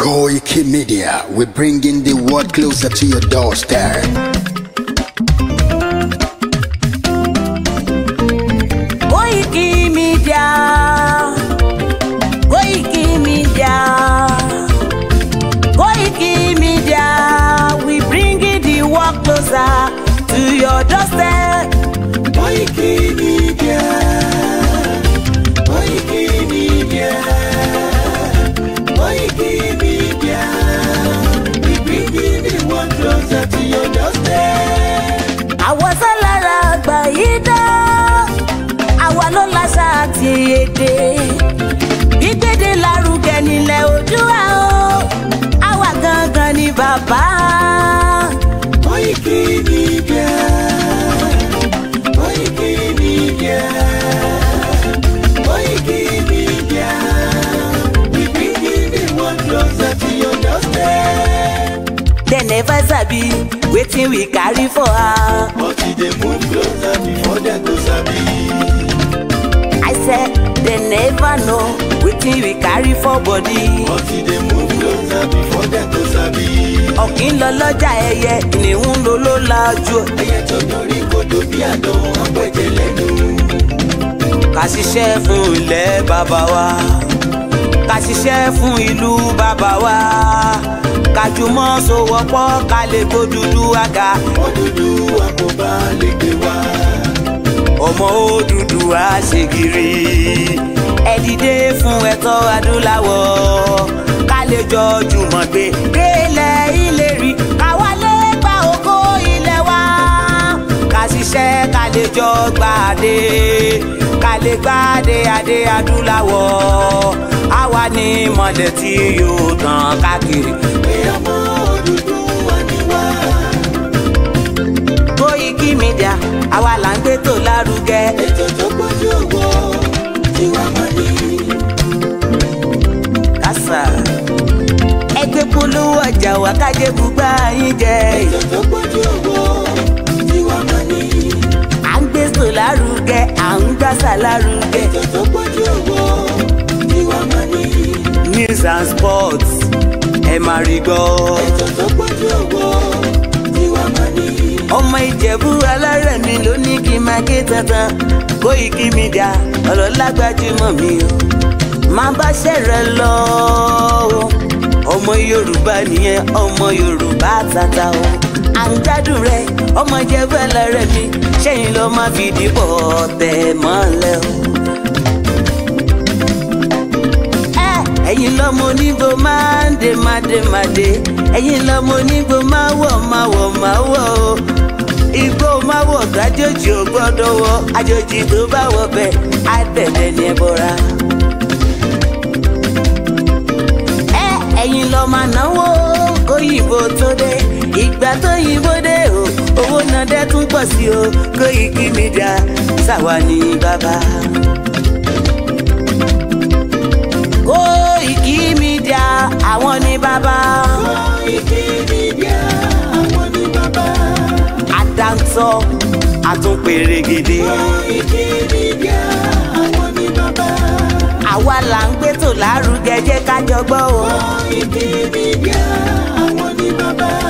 Koiki Media, we're bringing the world closer to your doorstep. papa. Koiki Media. Koiki Media. Koiki Media. We bring the one closer to your doorstep. They never sabi wetin we carry for her. But e dey move closer before dem go sabi. I said never know wetin we carry for body. but e dey move closer before dem go sabi. ọ̀kìn lọ lọ́jà ẹyẹ ìníhùn ló ló la ojú. ẹyẹ tó dorí kodò bí àdán ọ̀pẹ̀jẹ̀ lẹ́nu. ká ṣiṣẹ́ fún ilẹ̀ bàbá wa ká ṣiṣẹ́ fún ìlú bàbá wa kájùmọ̀ sowọ́pọ̀ ká lè kó dúdú àga. òdúdú àkóbá lè gbé wá. ọmọ òdúdú àṣegírí ẹ dìde fún ẹ̀tọ́ adúláwọ̀ ká lè jọ jùmọ̀ gbé délẹ̀ ìlérí káwa lè gba ògo ilé wa ká ṣiṣẹ́ ká lè jọ gbàdé ká lè gbàdé adé adúláwọ̀ àwa ni ìmọ̀lẹ̀ tí yóò tàn káàkiri. Koiki Media àwa là ń gbé tó lárugẹ. ètò tó pọ̀jù ògbó tiwa mọ́. ìjà wa kájé gbùgbà yín jẹ. ètò tó pọ̀jù owó tí wọ́n mọ̀ nìyí. à ń gbé sò lárugẹ à ń gbàsà lárugẹ. ètò tó pọ̀jù owó tí wọ́n mọ̀ nìyí. news and sports ẹ máa rí gbọ́. ètò tó pọ̀jù owó tí wọ́n mọ̀ nìyí. ọmọ ìjẹ̀bú alárẹ̀ mi ló ní kí n máa ké tantan Koiki Media ọ̀rọ̀ lágbájúmọ̀ mi o máa bá ṣẹ̀rẹ̀ lọ. ọmọ yorùbá nìyẹn ọmọ yorùbá tata o à ń jádùn rẹ ọmọ jẹgbẹ́ lọ́rẹ́ mi ṣẹ́yìn ló má fi dìbò ọ̀tẹ̀ mọ́lẹ̀ o. ẹ̀yin lọ́mọ onígbò máa ń de máa de máa de, ẹ̀yin lọ́mọ onígbò máa wọ̀ máa wọ̀ máa wọ̀ o igbó máa wọ̀ gájòjì ò gbọ́dọ̀ wọ àjòjì tó bá wọ bẹ́ẹ̀ á tẹ̀lé ní ẹbọra. lọ máa náwó kóyìnbó tó dé ìgbà tó yìnbó dé o owó náà dẹ́ tún pọ̀ sí o Koiki Media ṣàwa ní bàbá. Koiki Media àwọn ní bàbá. Koiki Media àwọn ní bàbá. àdáńtọ́ àtúnpèrè gidi. Koiki Media àwa là ń gbé tò lárugẹ jẹ́ ká jọgbọ́ o.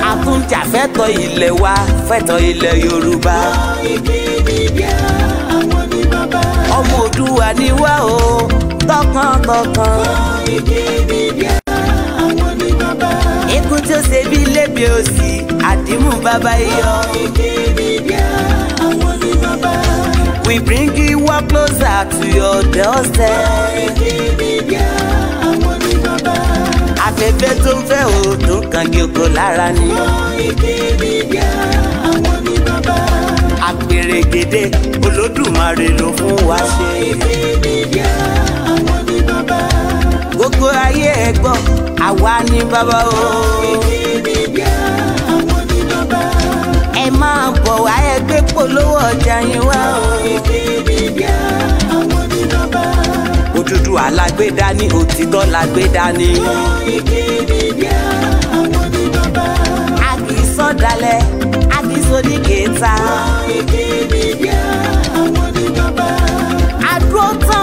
a tún jà fẹ́tọ̀ ilẹ̀ wa fẹ́tọ̀ ilẹ̀ Yorùbá. ọmọ Òdùwà ni wá o tọkàntọkàn. ikú tí ó ṣe bí lébi òsì àdìmú bàbá yọ. àwọn ni bàbá. We bring you up closer to your doorstep. Afẹ́fẹ́ tó ń fẹ́ òòtún kan gígó lára ni. Àpèrè gèdè Olódùmarè ló fún wa ṣe. Gbogbo ayé ẹ gbọ́, àwa ni bàbá o. Oh, máa bọ̀ wá ẹgbẹ́ polówó ọjà yín wá o. òdúdú alágbèdá ní òtítọ́ lágbèdá ní. a kì í sọ̀dálẹ̀ a kì í sódì kẹta. a dúró tán.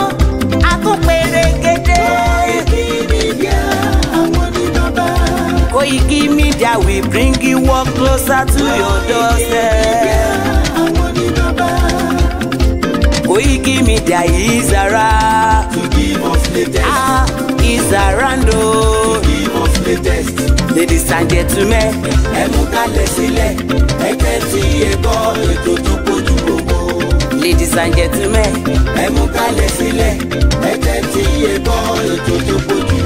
give me that we bring you work closer to your doorstep. Koiki oh, Media is Isara To give us the latest. Ah, is around. To give us the latest. Ladies and gentlemen, ẹ mú kalẹ̀ sílẹ̀, ẹ tẹ́tí ẹ gbọ́ ètò tó kojú gbogbo. Ladies and gentlemen, ẹ mú kalẹ̀ sílẹ̀, ẹ tẹ́tí ẹ gbọ́ ètò tó kojú.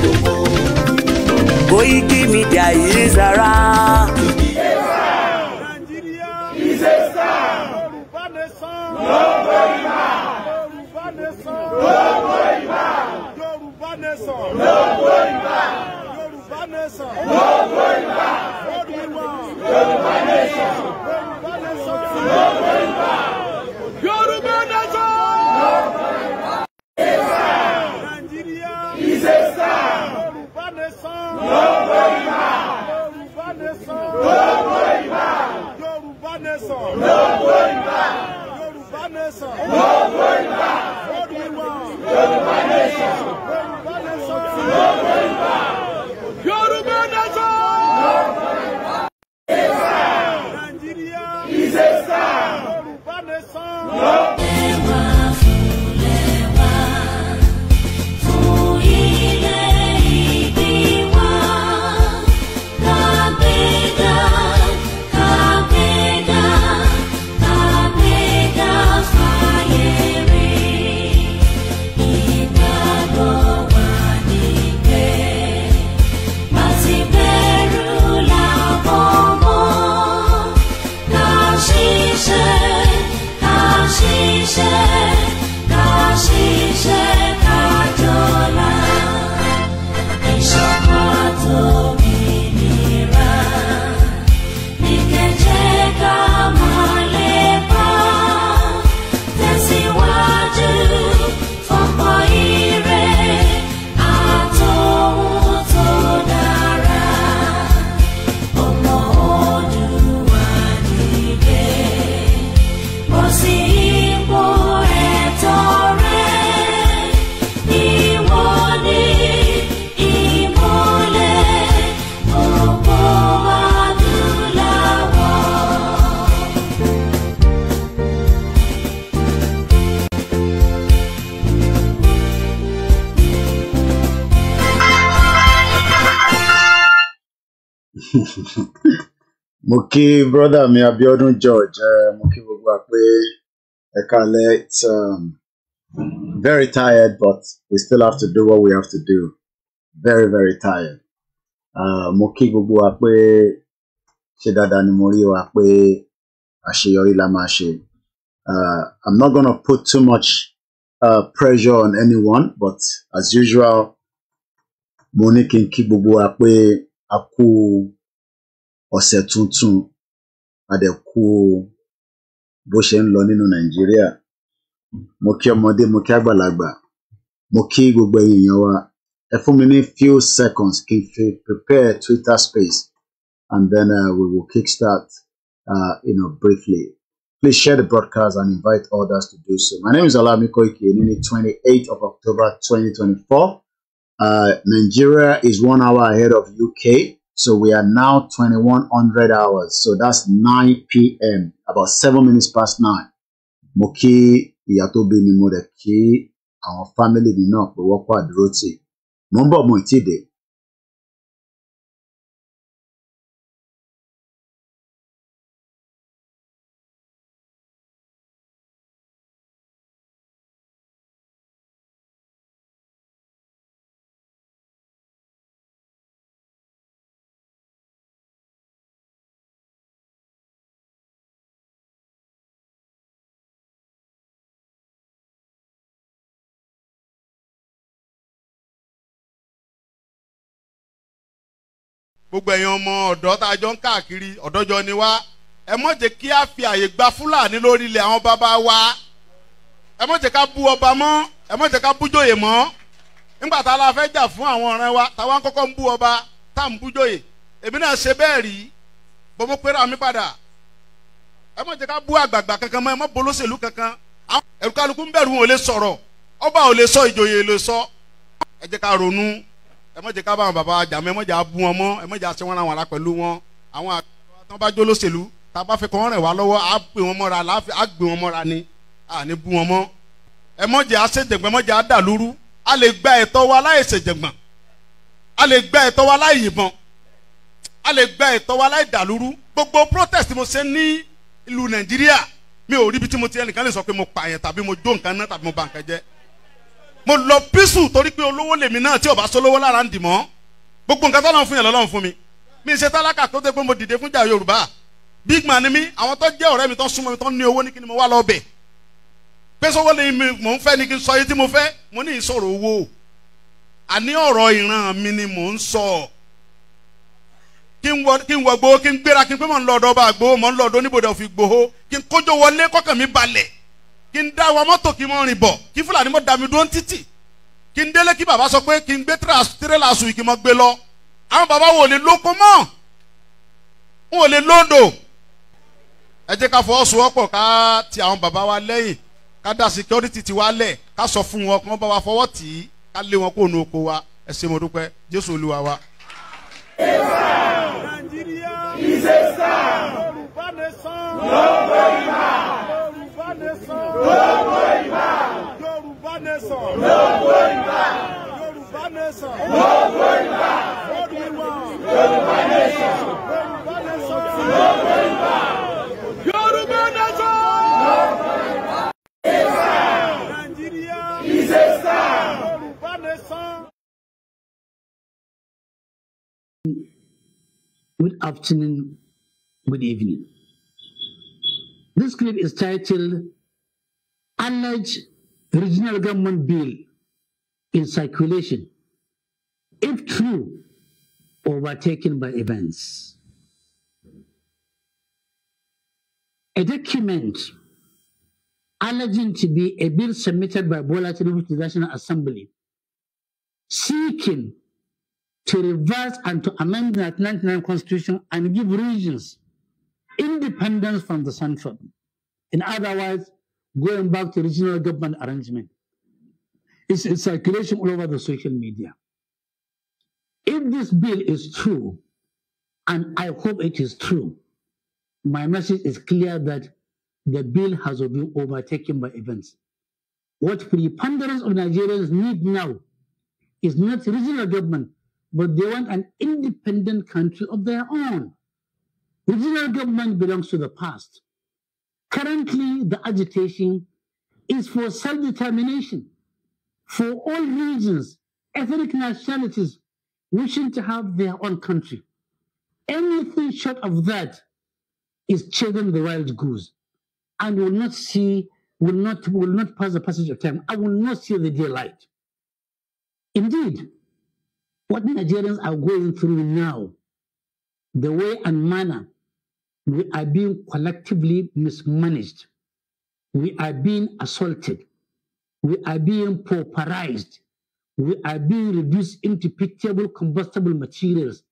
Koiki Media is around. Nigeria is a star. Yoruba nation. Nobody man. Yoruba nation. Nobody man. Yoruba nation. Nobody man. Yoruba nation. Nobody man. Yoruba nation. Yoruba nation. Nobody man. Gbogbo ìmà. Yorùbá nation. Gbogbo ìmà. Yorùbá nation. Gbogbo ìmà. Yorùbá nation. Gbogbo ìmà. Yorùbá nation. Yorùbá nation. Gbogbo ìmà. Muki brother, me abiodun george Muki mo Ekale, it's um, very tired but we still have to do what we have to do very very tired Muki mo kí gbogbo wa pé ṣe dáadáa ni i'm not gonna put too much uh, pressure on anyone but as usual mo ní kí n ọ̀sẹ̀ tuntun a bó ṣe ń lọ nínú nàìjíríà mo kí ọmọdé mo kí àgbàlagbà mo kí gbogbo èèyàn wa ẹ fún mi ní few seconds kí n fi prepare twitter space and then uh, we will kick start uh, you know, briefly. Please share the broadcast and invite others to do so. My name is Alami Koike, and the 28th of October 2024. Uh, Nigeria is one hour ahead of UK. So we are now 2100 hours. So that's 9 p.m. about 7 minutes past 9. Mo kí ìyá tó bí mi mo dẹ̀ kí àwọn fámìlì mi náà pé wọ́n kó àdúró tì. Mo ń mo ì tí gbogbo ẹ̀yin ọmọ ọ̀dọ́ tá a jọ ń káàkiri ọ̀dọ́jọ́ ni wá ẹ mọ̀ jẹ́ kí a fi àyè gba fúlàní lórí ilẹ̀ àwọn bàbá wa ẹ mọ̀ jẹ́ ká bú ọba mọ́ ẹ mọ̀ jẹ́ ká bújòyè mọ́ nígbà tá a la fẹ́ jà fún àwọn ọ̀rẹ́ wa táwa kọ́kọ́ ń bú ọba tá à ń bújòyè èmi náà ṣe bẹ́ẹ̀ rí bọ́mọ́ pé ra mi padà ẹ mọ̀ jẹ́ ká bú àgbààgbà kankan mọ́ ẹ mọ̀ bolóṣèlú kankan ẹ̀rù kálukú ń bẹ̀rù wọn ò lè sọ̀rọ̀ ọba ò lè sọ ìjòyè lè sọ ẹ jẹ́ ká ronú ẹ má jẹ́ ká bá àwọn bàbá wa jà mọ́ ẹ má jẹ́ abú wọn mọ́ ẹ má jẹ́ aṣẹ́ wọn ra wọn ara pẹ̀lú wọn àwọn àtọ́ bá jó lóṣèlú tá a bá fẹ́ kọ́ rẹ̀ wá lọ́wọ́ á gbé wọn mọ́ra láàfin á gbé wọn mọ́ra ni à ní bú wọn mọ́ ẹ má jẹ́ aṣèjẹ̀gbọ́n ẹ má jẹ́ adàlúrú a lè gba ẹ̀tọ́ wa láì ṣèjẹ̀gbọ́n a lè gba ẹ̀tọ́ wa láì yìnbọn a lè gba ẹ̀tọ́ wa láì dàlúrú gbogbo protest mo ṣe ní ìlú Nàìjíríà mi ò ríbi tí mo ti ẹnìkan lè sọ pé mo pààyàn tàbí mo jó nǹkan náà tàbí mo bà nǹkan jẹ́ mo lọ písù torí pé olówó lèmi náà tí ọba sọlówó lára ń dì mọ́ gbogbo nǹkan tọ́lọ́run fún yẹn lọ́lọ́run fún mi mi ṣe tálákà tó dé pé mo dìde fún jà Yorùbá big man ni mi àwọn tó jẹ́ ọ̀rẹ́ mi tó súnmọ́ mi tó ní owó ní kí ni mo wá lọ bẹ̀ pé sọ́wọ́ lè mi mò ń fẹ́ ni kí n sọ yìí tí mo fẹ́ mo ní ìṣòro owó àní ọ̀rọ̀ ìran mi ni mò ń sọ kí n wọ kí n wọ gbowó kí n gbéra kí n pé mò ń lọ ọ̀dọ̀ ọba àgbowó mò ń lọ ọ̀dọ̀ oníbodè òfin gbowó kí n kójó wọlé kọ́kàn mi balẹ̀ kí n dá wa mọ́tò kí n mọ rìn bọ̀ kí fúlàní mọ́ dàmí dúró títì kí n délé kí bàbá sọ pé kí n gbé tírélà sùn kí n mọ gbé lọ àwọn bàbá wo lè lóko mọ́ n ò lè lóńdò ẹ jẹ́ ká fọwọ́ sowọ́pọ̀ ká ti àwọn bàbá wa lẹ́yìn ká dá security ti wa lẹ̀ ká sọ fún wọn kí wọ́n bá wa fọwọ́ tì í ká lé wọn kó nu oko wa ẹ ṣé mo dúpẹ́ Jésù Olúwa wa. Nàìjíríà is a star. Yorùbá nation. Good afternoon, good evening. This clip is titled alleged regional government bill in circulation, if true, overtaken by events. A document alleging to be a bill submitted by Bola Tinubu to the National Assembly seeking to reverse and to amend the 1999 Constitution and give regions independence from the central. In other words, going back to regional government arrangement. It's in circulation all over the social media. If this bill is true, and I hope it is true, my message is clear that the bill has been overtaken by events. What preponderance of Nigerians need now is not regional government, but they want an independent country of their own. Regional government belongs to the past. Currently, the agitation is for self determination for all regions, ethnic nationalities wishing to have their own country. Anything short of that is chasing the wild goose and will not see, will not, will not pass the passage of time. I will not see the daylight. Indeed, what Nigerians are going through now, the way and manner we are being collectively mismanaged. We are being assaulted. We are being pauperized. We are being reduced into pitiable combustible materials.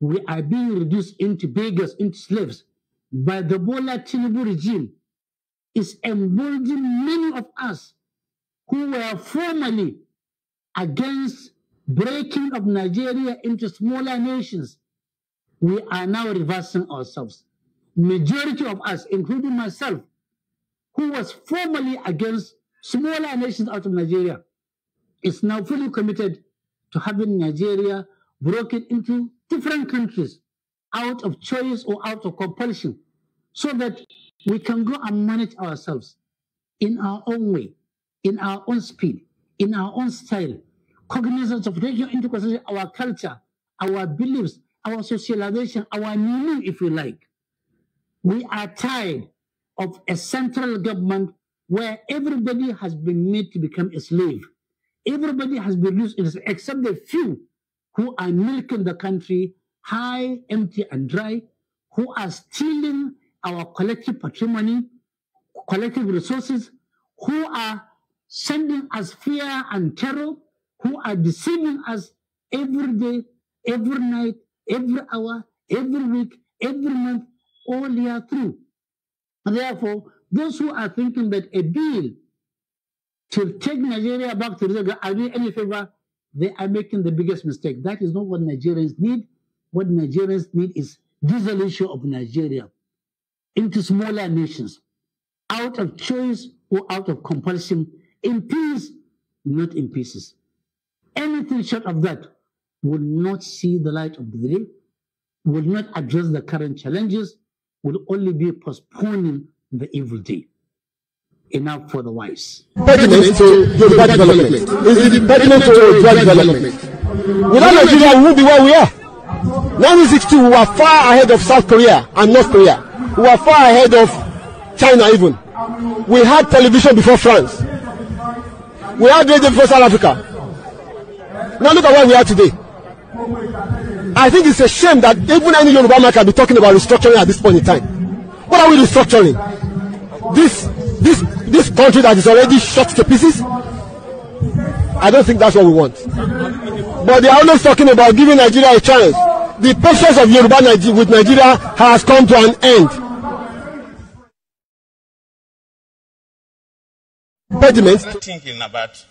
We are being reduced into beggars, into slaves. By the Bola Tinubu regime, is emboldening many of us who were formerly against breaking of Nigeria into smaller nations. We are now reversing ourselves majority of us, including myself, who was formerly against smaller nations out of Nigeria, is now fully committed to having Nigeria broken into different countries out of choice or out of compulsion so that we can go and manage ourselves in our own way, in our own speed, in our own style, cognizance of taking into consideration our culture, our beliefs, our socialization, our meaning, if you like we are tired of a central government where everybody has been made to become a slave. Everybody has been used, except the few who are milking the country high, empty, and dry, who are stealing our collective patrimony, collective resources, who are sending us fear and terror, who are deceiving us every day, every night, every hour, every week, every month, year through. Therefore, those who are thinking that a deal to take Nigeria back to Zaga are mean any favor, they are making the biggest mistake. That is not what Nigerians need. What Nigerians need is dissolution of Nigeria into smaller nations, out of choice or out of compulsion, in peace, not in pieces. Anything short of that will not see the light of the day, will not address the current challenges, will only be postponing the evil day. Enough for the wise. Impediment to Yoruba development is the impediment to Yoruba development. Without Nigeria, we won't be where we are. 1962, we were far ahead of South Korea and North Korea. We were far ahead of China even. We had television before France. We had radio before South Africa. Now look at where we are today. I think it's a shame that even any Yoruba man can be talking about restructuring at this point in time. What are we restructuring? This this this country that is already shot to pieces? I don't think that's what we want. But they are always talking about giving Nigeria a chance. The process of Yoruba Niger with Nigeria has come to an end. Impediment. Thinking about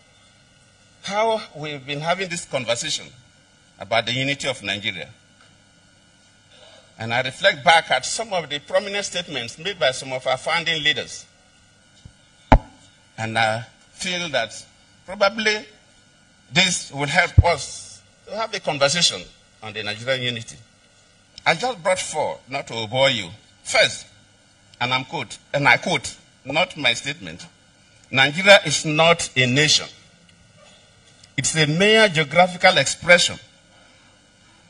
how we've been having this conversation. about the unity of Nigeria. And I reflect back at some of the prominent statements made by some of our founding leaders. And I feel that probably this will help us to have a conversation on the Nigerian unity. I just brought four, not to bore you. First, and I'm quote, and I quote, not my statement. Nigeria is not a nation. It's a mere geographical expression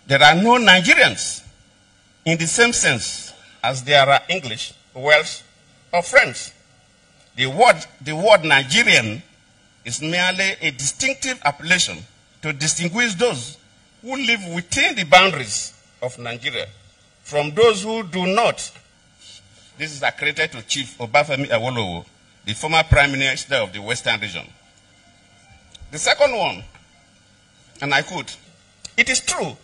there are no Nigerians in the same sense as there are English, Welsh, or French. The word, the word Nigerian is merely a distinctive appellation to distinguish those who live within the boundaries of Nigeria from those who do not. This is accredited to Chief Obafemi Awolowo, the former Prime Minister of the Western Region. The second one, and I quote, it is true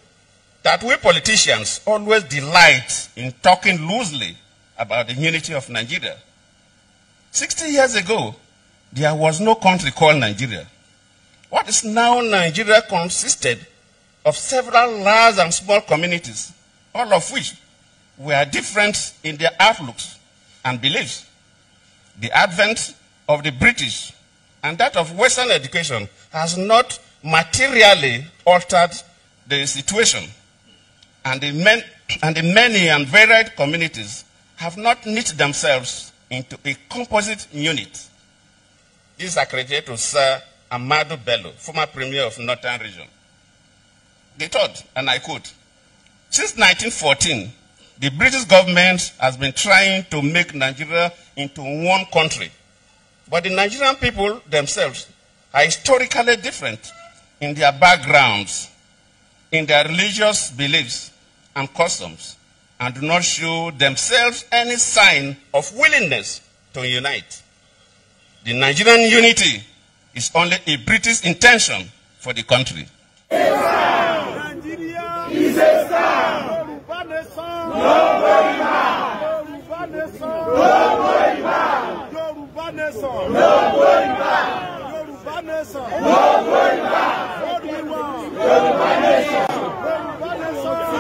that we politicians always delight in talking loosely about the unity of Nigeria. 60 years ago, there was no country called Nigeria. What is now Nigeria consisted of several large and small communities, all of which were different in their outlooks and beliefs. The advent of the British and that of Western education has not materially altered the situation and the, men, and the many and varied communities have not knit themselves into a composite unit. This accredited to Sir Amadu Bello, former Premier of Northern Region. They thought, and I quote, since 1914, the British government has been trying to make Nigeria into one country. But the Nigerian people themselves are historically different in their backgrounds, in their religious beliefs, and customs and do not show themselves any sign of willingness to unite. The Nigerian unity is only a British intention for the country. Yorùbá nation. Yorùbá nation.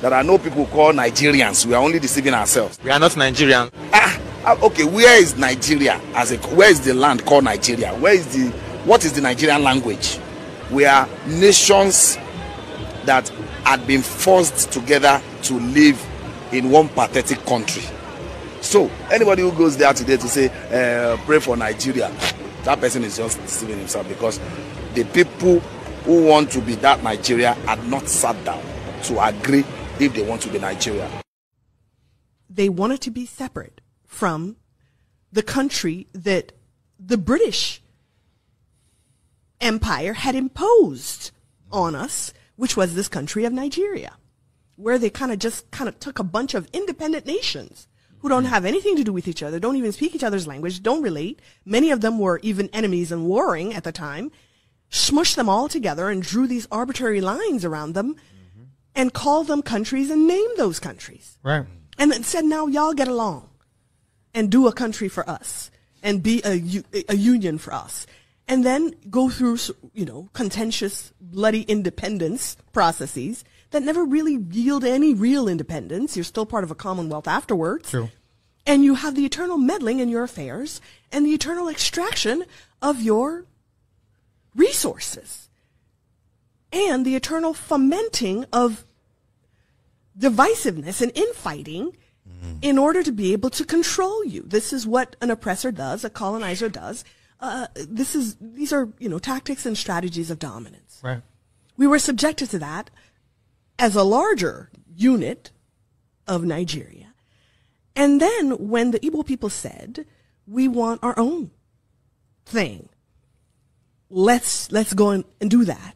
There are no people called Nigerians. We are only deceiving ourselves. We are not Nigerians. Ah, ah, okay. Where is Nigeria as a? Where is the land called Nigeria? Where is the? What is the Nigerian language? We are nations that had been forced together to live in one pathetic country. So anybody who goes there today to say uh, pray for Nigeria, that person is just deceiving himself because the people who want to be that Nigeria had not sat down to agree if they want to be Nigeria. They wanted to be separate from the country that the British Empire had imposed on us, which was this country of Nigeria, where they kind of just kind of took a bunch of independent nations who don't have anything to do with each other, don't even speak each other's language, don't relate. Many of them were even enemies and warring at the time, smushed them all together and drew these arbitrary lines around them and call them countries and name those countries. Right. And then said, now y'all get along and do a country for us and be a, a union for us. And then go through, you know, contentious, bloody independence processes that never really yield any real independence. You're still part of a commonwealth afterwards. True. And you have the eternal meddling in your affairs and the eternal extraction of your resources and the eternal fomenting of divisiveness and infighting mm-hmm. in order to be able to control you. This is what an oppressor does, a colonizer does. Uh, this is these are you know tactics and strategies of dominance. Right. We were subjected to that as a larger unit of Nigeria, and then when the Igbo people said, "We want our own thing," let's let's go and, and do that.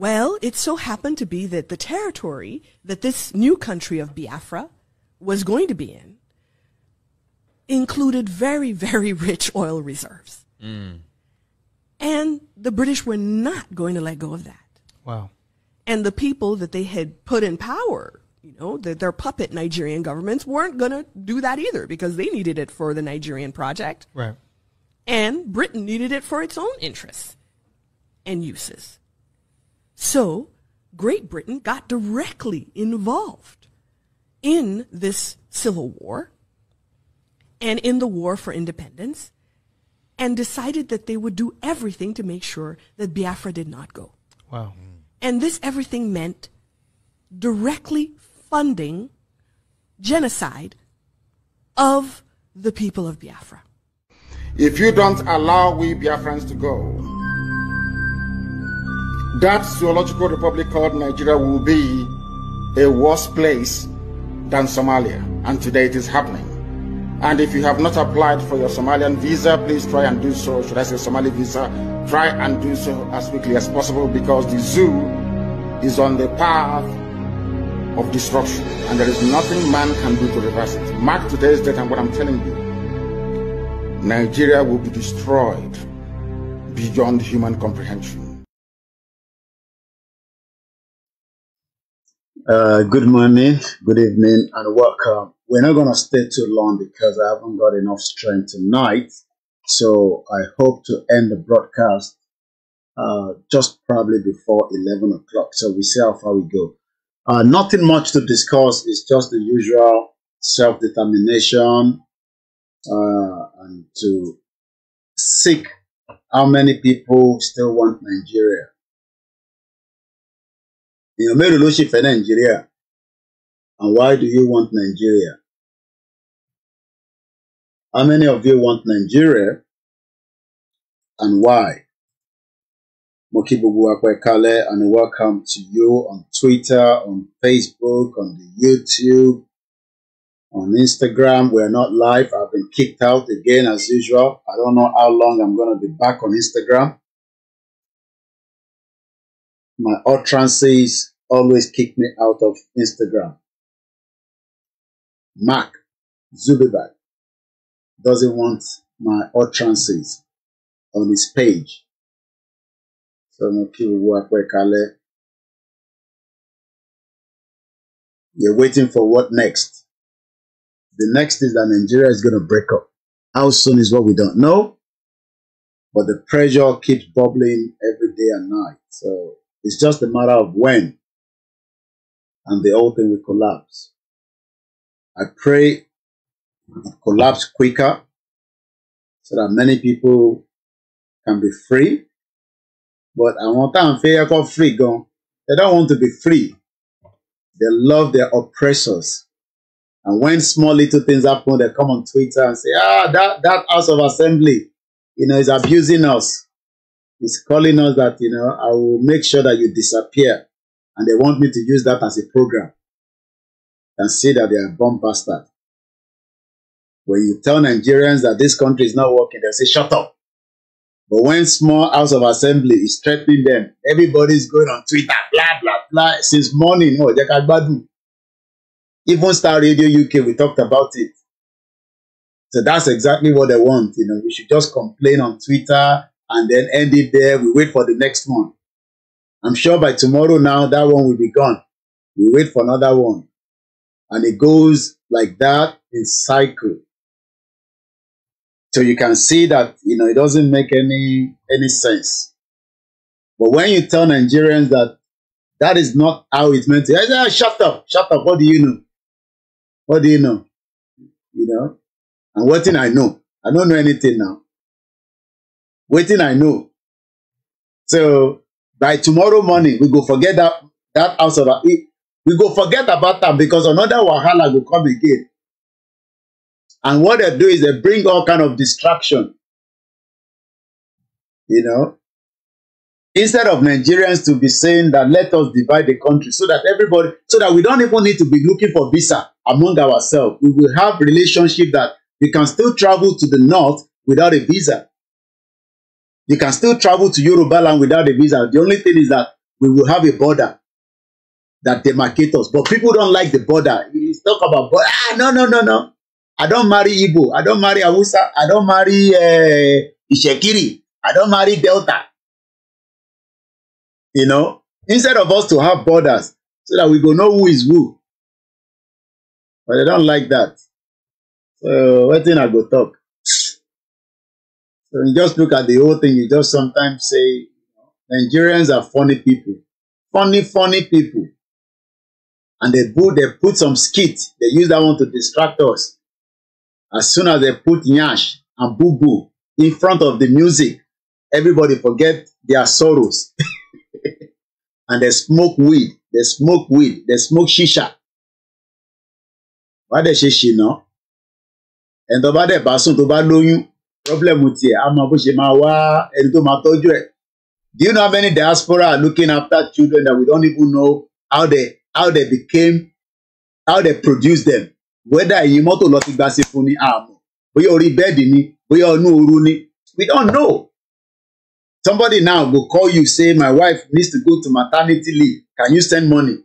Well, it so happened to be that the territory that this new country of Biafra was going to be in included very, very rich oil reserves. Mm. And the British were not going to let go of that. Wow. And the people that they had put in power, you know, the, their puppet Nigerian governments weren't going to do that either because they needed it for the Nigerian project. Right. And Britain needed it for its own interests and uses. So Great Britain got directly involved in this civil war and in the war for independence and decided that they would do everything to make sure that Biafra did not go. Wow. And this everything meant directly funding genocide of the people of Biafra. If you don't allow we Biafrans to go, that zoological republic called Nigeria will be a worse place than Somalia. And today it is happening. And if you have not applied for your Somalian visa, please try and do so. Should I say Somali visa? Try and do so as quickly as possible because the zoo is on the path of destruction and there is nothing man can do to reverse it. Mark today's date and what I'm telling you. Nigeria will be destroyed beyond human comprehension. Uh, good morning, good evening, and welcome. We're not going to stay too long because I haven't got enough strength tonight. So I hope to end the broadcast uh, just probably before 11 o'clock. So we see how far we go. Uh, nothing much to discuss. It's just the usual self determination uh, and to seek how many people still want Nigeria. You mélòó ló and why do you want Nigeria? How many of you want Nigeria and why? Mokibu kí wa and welcome to you on Twitter, on Facebook, on the YouTube, on Instagram. We're not live. I've been kicked out again as usual. I don't know how long I'm going to be back on Instagram my utterances always kick me out of Instagram. Mark Zuckerberg doesn't want my utterances on his page. So no people work Kale. You're waiting for what next? The next is that Nigeria is gonna break up. How soon is what we don't know. But the pressure keeps bubbling every day and night. So it's just a matter of when. And the whole thing will collapse. I pray it collapse quicker so that many people can be free. But I want to fair call free gone. They don't want to be free. They love their oppressors. And when small little things happen, they come on Twitter and say, ah, that, that House of Assembly, you know, is abusing us is calling us that, you know, I will make sure that you disappear. And they want me to use that as a program and say that they are bomb bastard. When you tell Nigerians that this country is not working, they'll say, shut up. But when small House of Assembly is threatening them, everybody's going on Twitter, blah, blah, blah, since morning. Oh, they can't Jekagbadu. Even Star Radio UK, we talked about it. So that's exactly what they want. You know, we should just complain on Twitter, and then end it there. We wait for the next one. I'm sure by tomorrow now, that one will be gone. We wait for another one. And it goes like that in cycle. So you can see that, you know, it doesn't make any, any sense. But when you tell Nigerians that that is not how it's meant to, I ah, shut up, shut up. What do you know? What do you know? You know? And what thing I know? I don't know anything now. waiting I know. So by tomorrow morning, we go forget that that house of it. Eh, we go forget about them because another wahala will come again. And what they do is they bring all kind of distraction. You know, instead of Nigerians to be saying that let us divide the country so that everybody, so that we don't even need to be looking for visa among ourselves. We will have relationship that we can still travel to the north without a visa. They can still travel to Yoruba land without a visa. The only thing is that we will have a border that demarcates us. But people don't like the border. It's talk about border. Ah, no, no, no, no. I don't marry Igbo. I don't marry Awusa. I don't marry uh, eh, Ishekiri. I don't marry Delta. You know, instead of us to have borders so that we go know who is who. But they don't like that. So, what thing I go talk? So you just look at the whole thing, you just sometimes say Nigerians are funny people. Funny, funny people. And they put, they put some skit. They use that one to distract us. As soon as they put Nyash and Boo Boo in front of the music, everybody forget their sorrows. and they smoke weed. They smoke weed. They smoke shisha. Why they say she no? And the bad dẹ̀ bá sùn tó bá lóyún problem tiẹ̀ á mọ bó ṣe máa wá ẹni tó máa tọ́jú ẹ̀. Do you know how many diaspora are looking after children that we don't even know how they how they became how they produce them? Whether ẹ̀yin mọ́tò lọ ti gba sí fún ni àmọ́ bóyá orí bẹ́ẹ̀dì ni bóyá ọnú ooru ni we don't know. Somebody now go call you say my wife needs to go to maternity leave can you send money?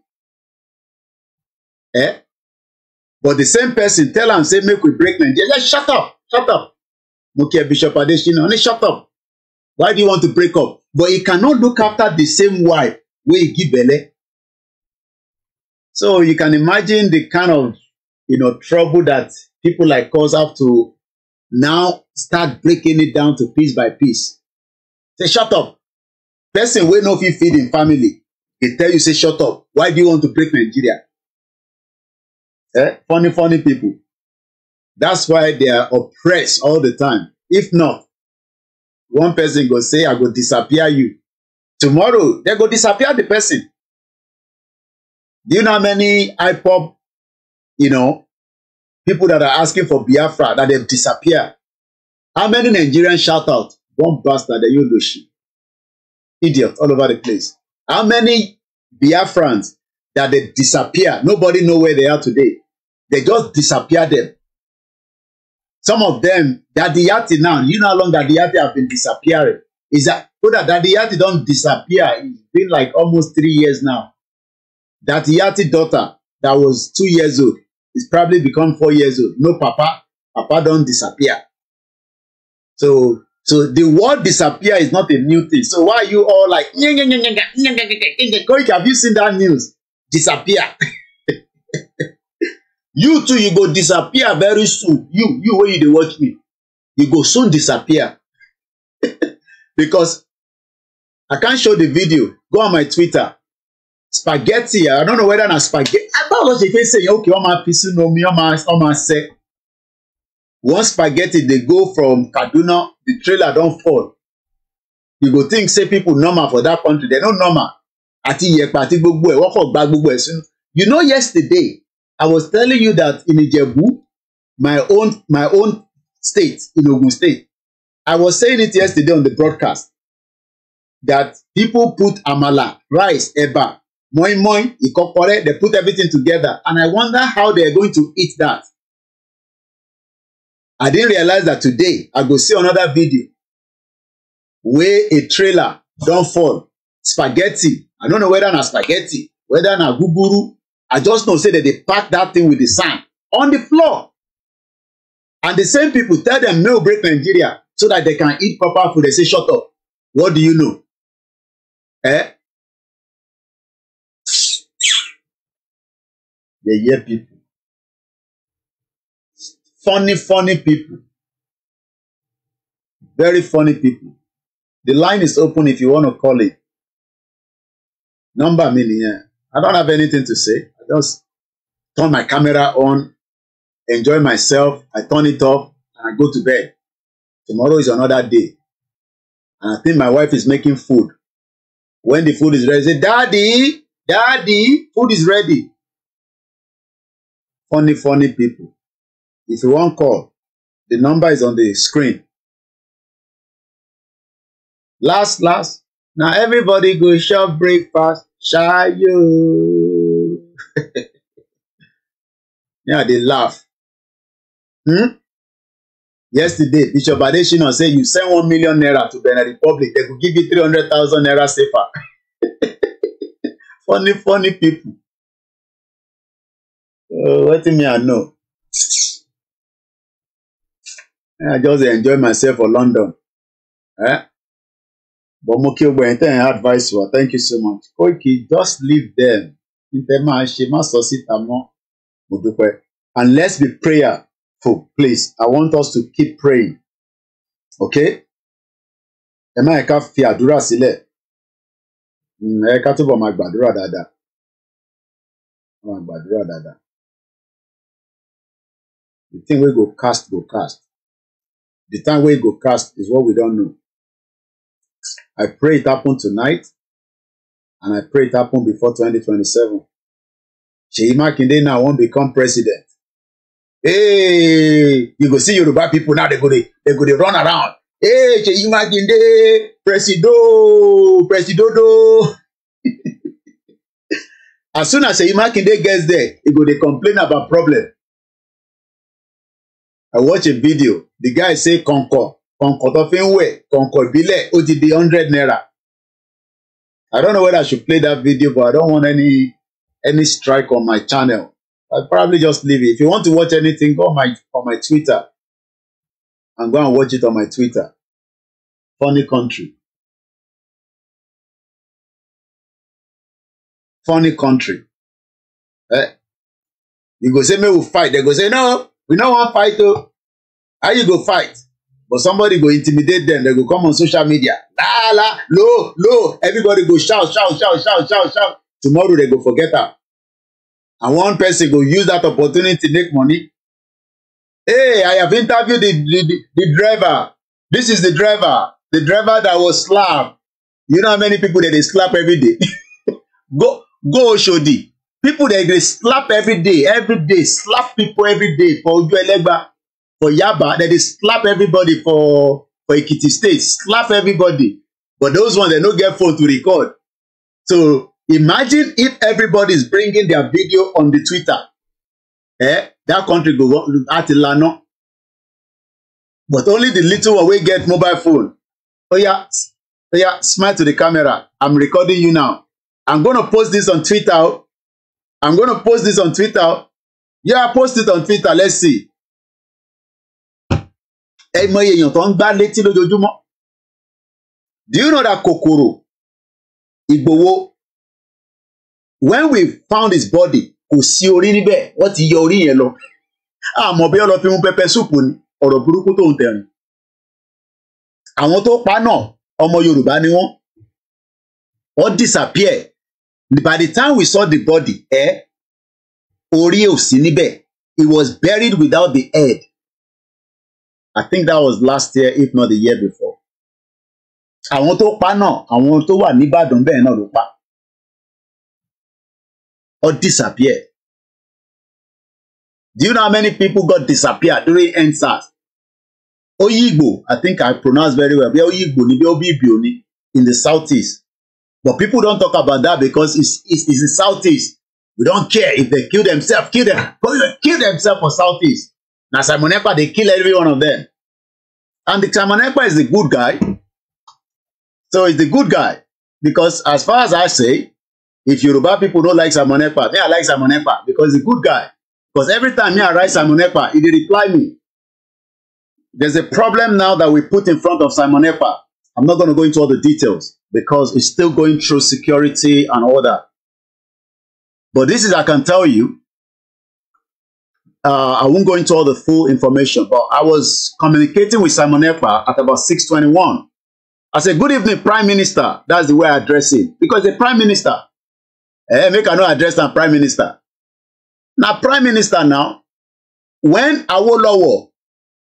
Eh? But the same person tell am say make we break Nigeria just shut up shut up Okay, Bishop Adesina honey, shut up why do you want to break up but he cannot look after the same wife where he give belly. so you can imagine the kind of you know trouble that people like us have to now start breaking it down to piece by piece say shut up person wey no fit feed im family he tell you say shut up why do you want to break Nigeria eh funny funny people That's why they are oppressed all the time. If not, one person go say, I go disappear you. Tomorrow, they go disappear the person. Do you know how many IPOP, you know, people that are asking for Biafra that they've disappeared? How many Nigerians shout out, one bastard, the Yoloshi? Idiot all over the place. How many Biafrans that they disappear? Nobody know where they are today. They just disappear them. Some of them, Yati now, you know how long Yati have been disappearing. Is that so that Yati don't disappear? It's been like almost three years now. That Yati daughter that was two years old is probably become four years old. No papa, papa don't disappear. So so the word disappear is not a new thing. So why are you all like Koik, have you seen that news? Disappear you too you go disappear very soon you you wey you dey watch me you go soon disappear because i can't show the video go on my twitter spaghetti i don't know whether na spaghetti I báwo ṣe fẹ́ say okay wọ́n máa fi sínú omi wọ́n máa sẹ́ one spaghetti dey go from kaduna the trailer don fall you go think say people normal for that country they no normal Ati ìyẹ̀pẹ̀ àti gbogbo ẹ̀ wọ́n kàn gba gbogbo ẹ̀ sínú you know yesterday I was telling you that in Ijebu, my own my own state, in Ogun State, I was saying it yesterday on the broadcast that people put amala, rice, eba, moi moi, ikokore, they put everything together, and I wonder how they are going to eat that. I didn't realize that today I go see another video where a trailer don't fall spaghetti I don't know whether na spaghetti whether na guguru I just know say that they pack that thing with the sand on the floor. And the same people tell them no break Nigeria so that they can eat proper food. They say, shut up. What do you know? Eh? They hear people. Funny, funny people. Very funny people. The line is open if you want to call it. Number me nìyẹn. I don't have anything to say. just turn my camera on, enjoy myself. I turn it off and I go to bed. Tomorrow is another day. And I think my wife is making food. When the food is ready, say, Daddy, Daddy, food is ready. Funny, funny people. If you want call, the number is on the screen. Last, last. Now everybody go shop breakfast. you? Yeah, they laugh hmm? yesterday bishop adesina say you send one million naira to benin republic they could give you three hundred thousand naira safer funny funny people uh, wetin me i know i just enjoy myself for london eh? but mo kí o gbẹ̀yìn tẹ̀ advice wa thank you so much Koiki just leave them ìfẹ́ máa ṣe má sọ síta mọ́ mo dúpẹ́ and let's be prayerful please I want us to keep praying okay ẹ má ẹ̀ka fi àdúrà sílẹ̀ mm, ẹ̀ka túbọ̀ máa gbàdúrà dáadáa máa gbàdúrà dáadáa the thing wey go cast go cast the time wey go cast is what we don't know I pray it happen tonight and I pray it happen before 2027. Sheyi Makinde now won't become president. Hey, you go see Yoruba people now, they go, they, they go, they run around. Hey, Sheyi Makinde, presido, presidodo. as soon as Sheyi Makinde gets there, he go, they complain about problem. I watch a video. The guy say, Concord. Concord of Inwe, Concord Bile, ó ti di 100 naira. I don't know whether I should play that video, but I don't want any any strike on my channel. I'll probably just leave it. If you want to watch anything, go on my on my Twitter and go and watch it on my Twitter. Funny country. Funny country. Eh? You go say, me will fight. They go say, no, we no want fight though. How you go fight? But somebody go intimidate them. They go come on social media. La la, lo lo. Everybody go shout, shout, shout, shout, shout, shout. Tomorrow they go forget that. And one person go use that opportunity make money. Hey, I have interviewed the, the, the driver. This is the driver. The driver that was slapped. You know how many people that they slap every day? go, go, Oshodi. People that they slap every day, every day, slap people every day for Oju Elegba for Yaba, that they slap everybody for for Ekiti State, slap everybody. But those ones, they don't get phone to record. So imagine if everybody is bringing their video on the Twitter. Eh, that country go at Ilano. But only the little one we get mobile phone. Oh yeah, oh yeah, smile to the camera. I'm recording you now. I'm gonna post this on Twitter. I'm gonna post this on Twitter. Yeah, post it on Twitter. Let's see ẹ mọ èèyàn tó ń gbá létí lójoojúmọ́ do you know that kòkòrò Ìgbòho when we found his body kò sí orí níbẹ̀ wọ́n ti yọ orí yẹn lọ àmọ́ bí ọlọ́pàá mú pẹpẹ súùpù ni ọ̀rọ̀ burúkú tó ń tẹ̀rìn àwọn tó pa náà ọmọ Yorùbá ni wọ́n wọ́n disappear by the time we saw the body ẹ eh, orí ò sí níbẹ̀ it was buried without the head I think that was last year if not the year before àwọn tó pa náà àwọn tó wà nìbàdàn bẹ́ẹ̀ náà ló pa or disappear do you know how many people got disappeared during endsars oyigbo I think I pronounced very well bí oyigbo ni bí obibio ni in the southeast but people don't talk about that because it's it's, it's the southeast we don't care if they kill themselves kill them kill themselves for southeast Now Simon Ekpa, they kill every one of them. And the Simon Ekpa is the good guy. So he's the good guy. Because as far as I say, if Yoruba people don't like Simon Ekpa, me, I like Simon Ekpa because he's a good guy. Because every time me, I write Simon Ekpa, he reply me. There's a problem now that we put in front of Simon Ekpa. I'm not going to go into all the details because it's still going through security and all that. But this is, I can tell you, uh, I won't go into all the full information, but I was communicating with Simon Epa at about 621. I said, good evening, Prime Minister. That's the way I address him. Because the Prime Minister, eh, make I no address the Prime Minister. Now, Prime Minister now, when Awolowo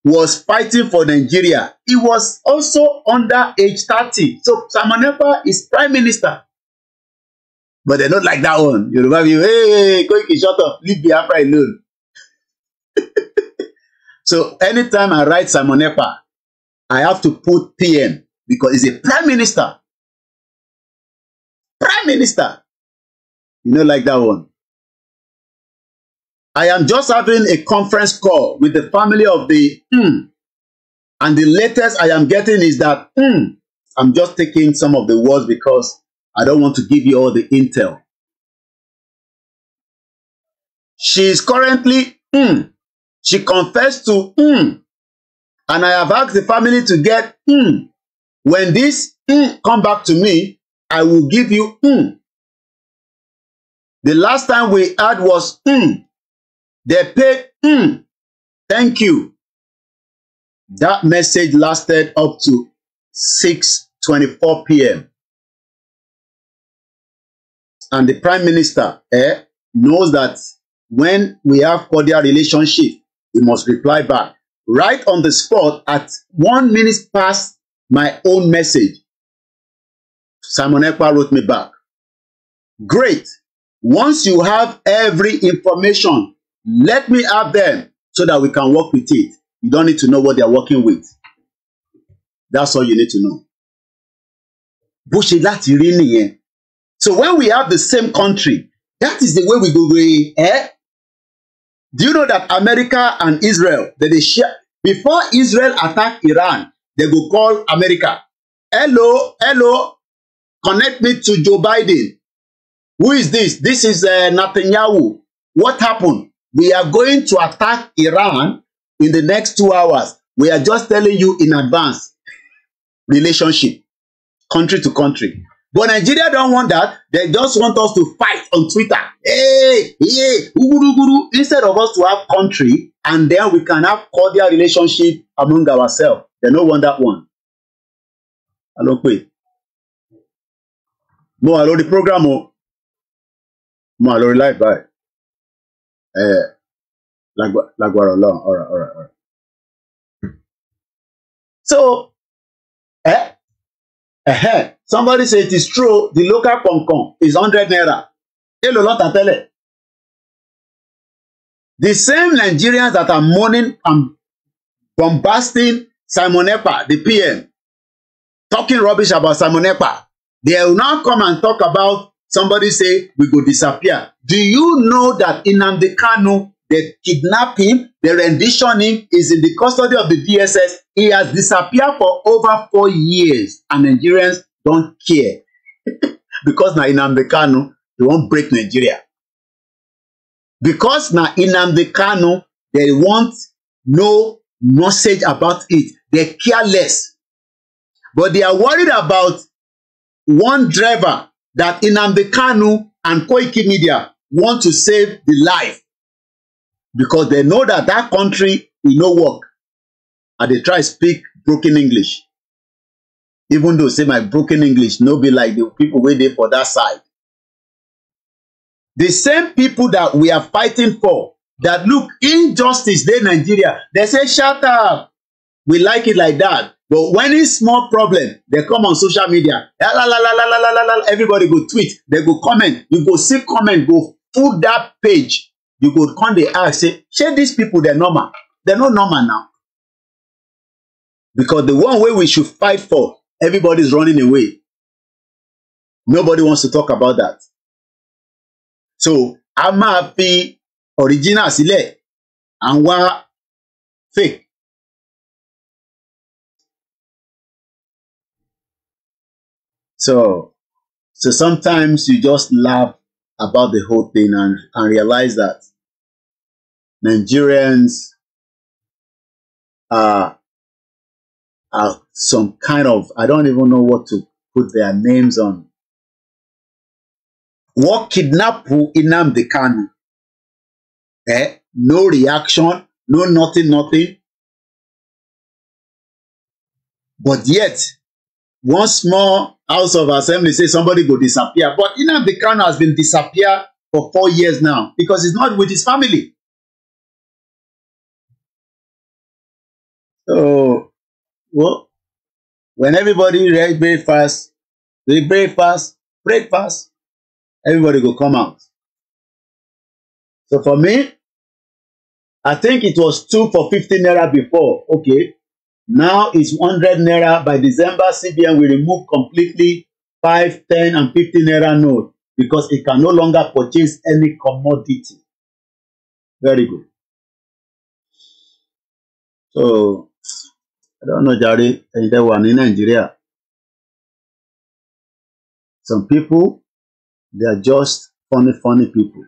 was fighting for Nigeria, he was also under age 30. So Simon Epa is Prime Minister. But they're not like that one. You remember, hey, hey, hey, quick, shut up, leave Biafra alone. so anytime I write Simon Epa, I have to put PM because he's a prime minister. Prime minister. You know, like that one. I am just having a conference call with the family of the mm, and the latest I am getting is that mm, I'm just taking some of the words because I don't want to give you all the intel. She is currently mm, She confessed to him, and I have asked the family to get him. When this him come back to me, I will give you him. The last time we had was him. They paid him. Thank you. That message lasted up to 6:24 p.m. And the prime minister eh, knows that when we have cordial relationship, he must reply back right on the spot at one minute past my own message. Simon Ekpa wrote me back. Great. Once you have every information, let me have them so that we can work with it. You don't need to know what they are working with. That's all you need to know. Bó ṣe láti rí So when we have the same country, that is the way we go eh, Do you know that America and Israel, that they share, before Israel attack Iran, they go call America. Hello, hello, connect me to Joe Biden. Who is this? This is uh, Netanyahu. What happened? We are going to attack Iran in the next two hours. We are just telling you in advance. Relationship, country to country. But Nigeria don't want that. They just want us to fight on Twitter. Hey, hey, uguru, guru! Instead of us to have country and then we can have cordial relationship among ourselves. They don't want that one. Hello, pé. Mo wà the program Mo wà the life. báyìí. Eh, lágbára Ọlọ́run. All right, all right, all right. So, eh? Eh, eh somebody say it is true the local kọ̀ǹkọ̀ǹ is hundred naira èlò lọ́tà tẹ́lẹ̀ the same Nigerians that are mourning and bombasting Simon Ekpa the PM talking rubbish about Simon Ekpa they will now come and talk about somebody say we go disappear do you know that Nnamdi Kanu they kidnap him they rendition him is in the custody of the DSS he has disappeared for over four years and Nigerians don care because na Nnamdi Kanu dey wan break Nigeria because na Nnamdi Kanu dey want no message about it dey care less but they are worried about one driver that Nnamdi Kanu and Koiki Media want to save the life because they know that that country e no work i dey try speak broken english even though say my broken english no be like the people wey dey for that side the same people that we are fighting for that look injustice dey nigeria they say shut up we like it like that but when it's small problem they come on social media la, la, la, la la la la la. everybody go tweet they go comment you go see comment go full that page you go come dey ask say shey these people dey normal they no normal now because the one wey we should fight for Everybody's running away. Nobody wants to talk about that. So a máa fi original sílẹ̀ à ń wá fake. So so sometimes you just laugh about the whole thing and, and realize that Nigerians are are some kind of, I don't even know what to put their names on. What kidnapped Inamdi Kanu? Eh? No reaction, no nothing, nothing. But yet, once more, House of Assembly say somebody go disappear. But Inamdi Kanu has been disappear for four years now because he's not with his family. Oh. Well, when everybody read breakfast, they breakfast, breakfast, everybody go come out. So for me, I think it was two for 50 naira before. Okay. Now it's 100 naira. By December, CBN will remove completely 5, 10, and 50 naira note because it can no longer purchase any commodity. Very good. So lọ́nà jàre ẹ̀yin tẹ́ wà ní nàìjíríà some people they are just funny funny people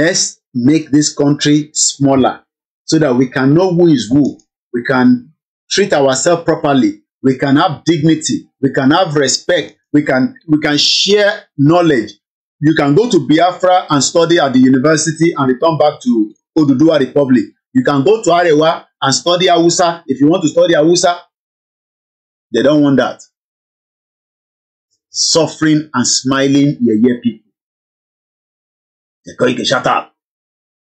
let's make this country smaller so that we can know who is who we can treat ourselves properly we can have dignity we can have respect we can we can share knowledge you can go to biafra and study at the university and return back to oduduwa republic You can go to Arewa and study Hausa if you want to study Hausa. They don't want that. Suffering and smiling yeye people. They Ekoike, shut up.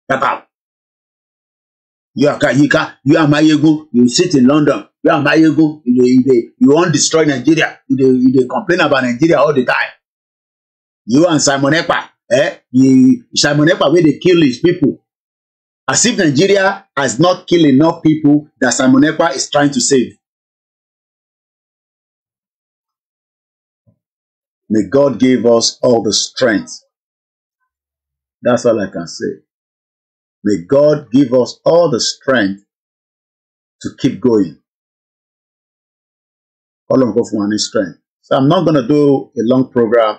Shut up. You are Kayika, you are Mayego, you sit in London, you are Mayego, you, you, you, you won't destroy Nigeria, you, you, you complain about Nigeria all the time. You and Simon Epa, eh? You, Simon Epa, where they kill his people. as if Nigeria has not killed enough people that Simon Ekpa is trying to save. May God give us all the strength. That's all I can say. May God give us all the strength to keep going. All of one is strength. So I'm not going to do a long program.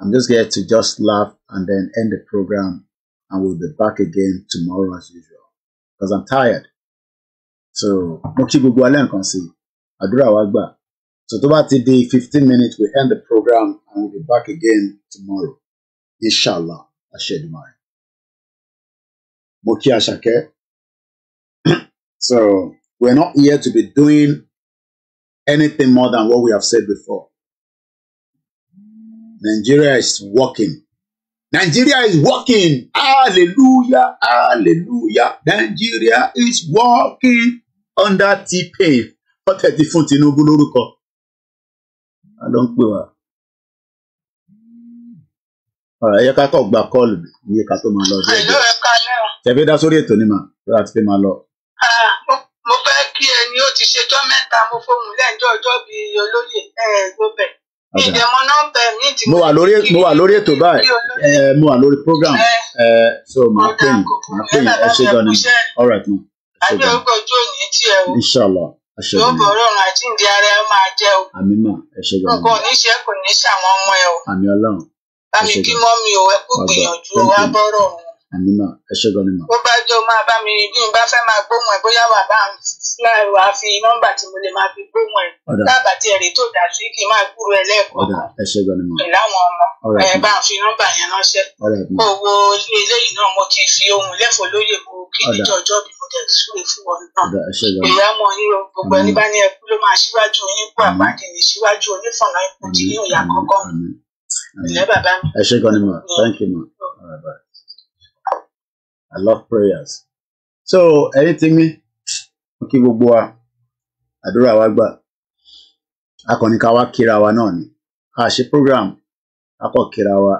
I'm just here to just laugh and then end the program and we'll be back again tomorrow as usual because I'm tired. So mochi kí gbogbo alẹ́ nǹkan sí àdúrà So tó bá ti minutes we end the program and we'll be back again tomorrow inshallah aṣèdùmarè. Mo Mochi ashake. So we're not here to be doing anything more than what we have said before. Nigeria is working. Nigeria is working. Hallelujah, hallelujah. Nigeria is walking under T-Pain. Wọ́n tẹ̀sí fún Tinubu lórúkọ. A ló ń pè wá. Ẹyẹ ká kọ̀ gba kọ́ọ̀lù ní ẹ̀ka tó máa lọ sí ẹ̀jẹ̀. Ṣẹ̀fẹ́ dá sórí ètò ni mà lọ́la ti fi máa lọ. Mo fẹ́ kí ẹni ó ti ṣetán mẹ́ta mo fohùn lẹ́ǹdọ́ ọjọ́ bíi olóyè ẹ̀ẹ́dọ́bẹ̀ mo wà lórí mo wà lórí ètò báyìí mo wà lórí program so màá pè yín màá pè yín ẹ ṣe gan ni all ẹ ṣe gan ni inshallah ẹ ṣe gan ni. yóò bọ̀rọ̀ ọ̀run àjíǹde ara ẹ máa jẹ́ o. àmì mà ẹ ṣe gan nǹkan oníṣẹ́ kò ní ṣàwọn ọmọ ẹ o. àmì ọlọ́run. bámi kí mọ́ mi ò ẹ kú gbìyànjú wá bọ́rọ̀ ọ̀run. àmì mà ẹ ṣe gan mà. bó bá jọ máa bá mi bí n bá fẹ́ máa gbóhùn ẹ bóyá wà bá mi máa wà á tí mo lè máa fi gbóhùn ẹ̀ dábàá tí ẹ̀rí tó dà sí kí n máa kúrò ẹ lẹ́ẹ̀kọ̀ọ̀kan ọmọ ẹ bá fi nọ́mbà yẹn ránṣẹ́ owó eléyìí náà mo ti fi ohun lẹ́fọ̀ọ́ lóye kó kí níjọ́ ọjọ́ bí mo tẹ̀ súre fún ọ náà ìyá mọ ní gbogbo ẹni bá ní ẹkú ló máa ṣíwájú oníkú àpáàdé ní ṣíwájú onífọ̀nà ikú tí ní òyà kọ̀ọ̀kan ilẹ̀ bàbá mi. ẹ thank you ma i love prayers so ẹyin ti mi mo kí gbogbo wa àdúrà wa gbà akọni ká wá kíra wa náà ni a ṣe program akọ kíra wa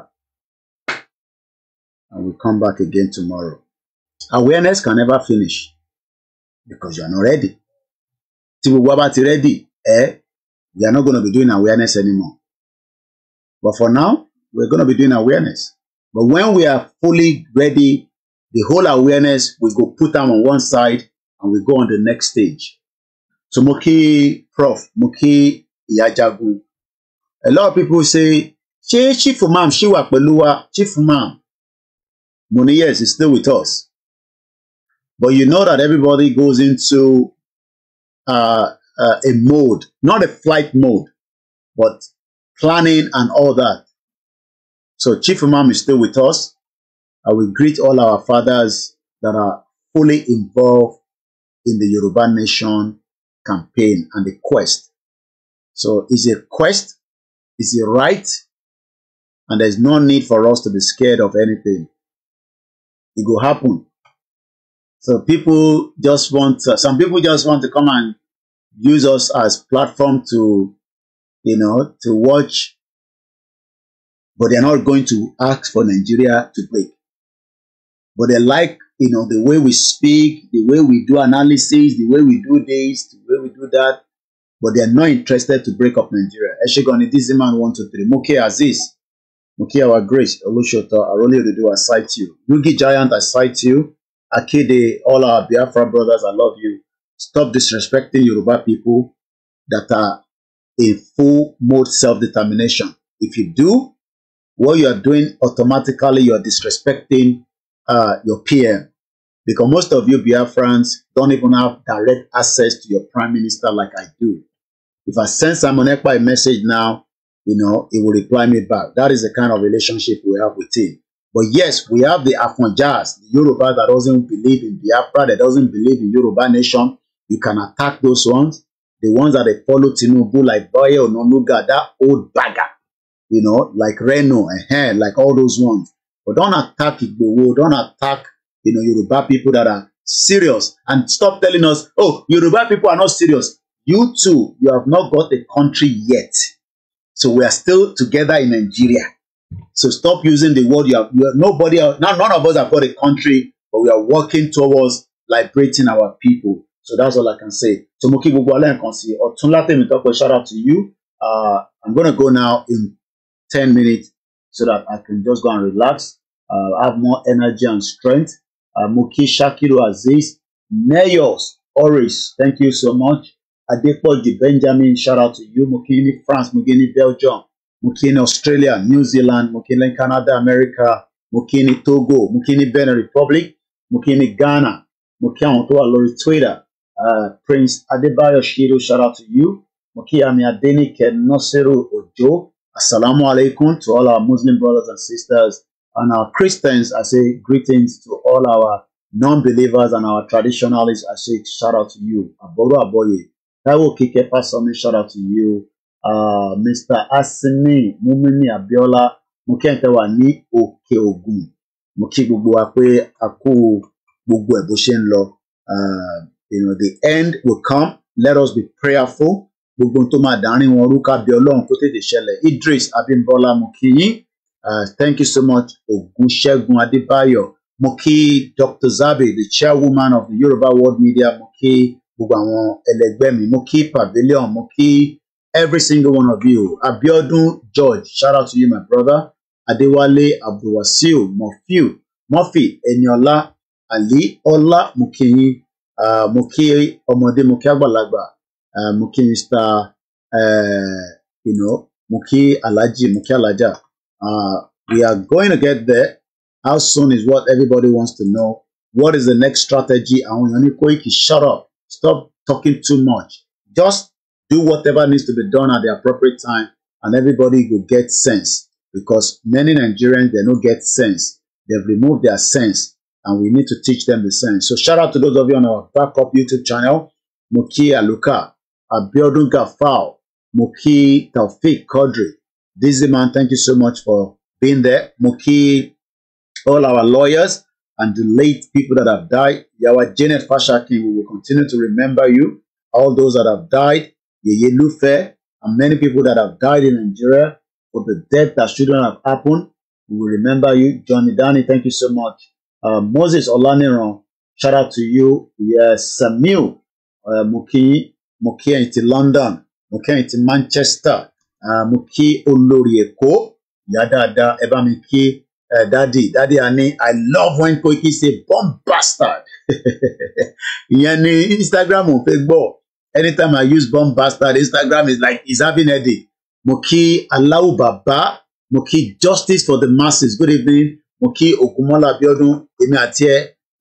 and we come back again tomorrow awareness can never finish because you are not ready tí gbogbo wa bá ti ready ẹ eh? we are not gonna be doing awareness anymore but for now we are gonna be doing awareness but when we are fully ready the whole awareness we go put am on one side and we go on the next stage. So Moki prof Moki kí a lot of people say ṣé chief Man, she wà chief imam mo ní yes still with us but you know that everybody goes into uh, uh, a mode not a flight mode but planning and all that so chief imam is still with us i will greet all our fathers that are fully involved in the Yoruba Nation campaign and the quest. So it's a quest, it's a right, and there's no need for us to be scared of anything. It will happen. So people just want, uh, some people just want to come and use us as platform to, you know, to watch, but they're not going to ask for Nigeria to break. But they like you know, the way we speak, the way we do analysis, the way we do this, the way we do that. But they are not interested to break up Nigeria. Eshigoni, this man, one, two, three. Muki Aziz, Muki our grace, Olushota, Aroli Odudu, I cite you. Yugi Giant, I cite you. Akide, all our Biafra brothers, I love you. Stop disrespecting Yoruba people that are in full mode self-determination. If you do, what you are doing automatically, you are disrespecting uh, your PM because most of you Biafrans don't even have direct access to your prime minister like I do. If I send Simon Ekpa a message now, you know, he will reply me back. That is the kind of relationship we have with him. But yes, we have the Afonjas, the Yoruba that doesn't believe in Biafra, that doesn't believe in Yoruba nation. You can attack those ones. The ones that they follow Tinubu, like Boye or Ononuga, that old bagger, you know, like Reno, uh eh, -huh, eh, like all those ones. But don't attack Igbowo. Don't attack, you know, Yoruba people that are serious. And stop telling us, oh, Yoruba people are not serious. You too, you have not got a country yet. So we are still together in Nigeria. So stop using the word you have. You have nobody, else, now none of us have got a country, but we are working towards liberating our people. So that's all I can say. So Moki Bugwale can see. Otunla Temitoko, shout out to you. Uh, I'm going to go now in 10 minutes so that I can just go and relax uh, have more energy and strength. Uh, Muki Shakiru Aziz, Neyos Oris, thank you so much. Adepoji Benjamin, shout out to you. Mukini France, Mukini Belgium, Mukini Australia, New Zealand, Mukini Canada, America, Mukini Togo, Mukini Benin Republic, Mukini Ghana, Mukini Lori Twitter, uh, Prince Adebayo Shiru, shout out to you. Mukiyami Adenike Noseru Ojo, Assalamu alaikum to all our Muslim brothers and sisters. and our Christians, I say greetings to all our non-believers and our traditionalists. I say shout out to you, Aboru Aboye. Taiwo Kike Fasomi, shout out to you. Uh, Mr. Asimi Mumini Abiola, mo kí ẹ̀yin oke wà Muki Òkè Ògùn. aku kí gbogbo lo. Uh, you know, the end will come. Let us be prayerful. Gbogbo tó máa dárin wọn rú ká bí Ọlọ́run Idris Abimbola mo Uh, thank you so much, Ogunsegun Adebayo. Moki Dr. Zabi, the chairwoman of the Yoruba World Media, Moki Bugawon Elegbemi, Moki Pavilion, Moki, every single one of you. Abiodun George, shout out to you, my brother. Adewale Abdulwasiu, Mofiu, Murphy, Eniola, Ali, Ola, Moki, uh, Moki Omode, Moki Agbalagba, uh, Moki Mr. Uh, you know, Muki Alaji, Muki Alaja. Uh, we are going to get there. How soon is what everybody wants to know. What is the next strategy? And when to shut up. Stop talking too much. Just do whatever needs to be done at the appropriate time and everybody will get sense because many Nigerians, they don't get sense. They've removed their sense and we need to teach them the sense. So shout out to those of you on our backup YouTube channel, Muki Aluka, Abiodun Gafal, Muki Taufik Kodri, Dizzy Man, thank you so much for being there. Muki, all our lawyers and the late people that have died. Yawa Janet Fashakin, we will continue to remember you. All those that have died, Yeye Lufe, and many people that have died in Nigeria for the death that shouldn't have happened. We will remember you. Johnny Danny, thank you so much. Uh, Moses Olaniran, shout out to you. Yes, Samuel uh, Muki, Muki in London, Muki in Manchester. mo kí olórí èkó ìyá dáadáa ẹ bá mi kí dádì dádì àní i love when Koiki say bomb bastard ìyẹn ni instagram ò fẹ́ gbọ́ anytime i use bomb bastard instagram is like is having headache mo kí aláwù bàbá mo kí justice for the masses good evening mo kí ògúnmọ́lá abiodun èmi àti ẹ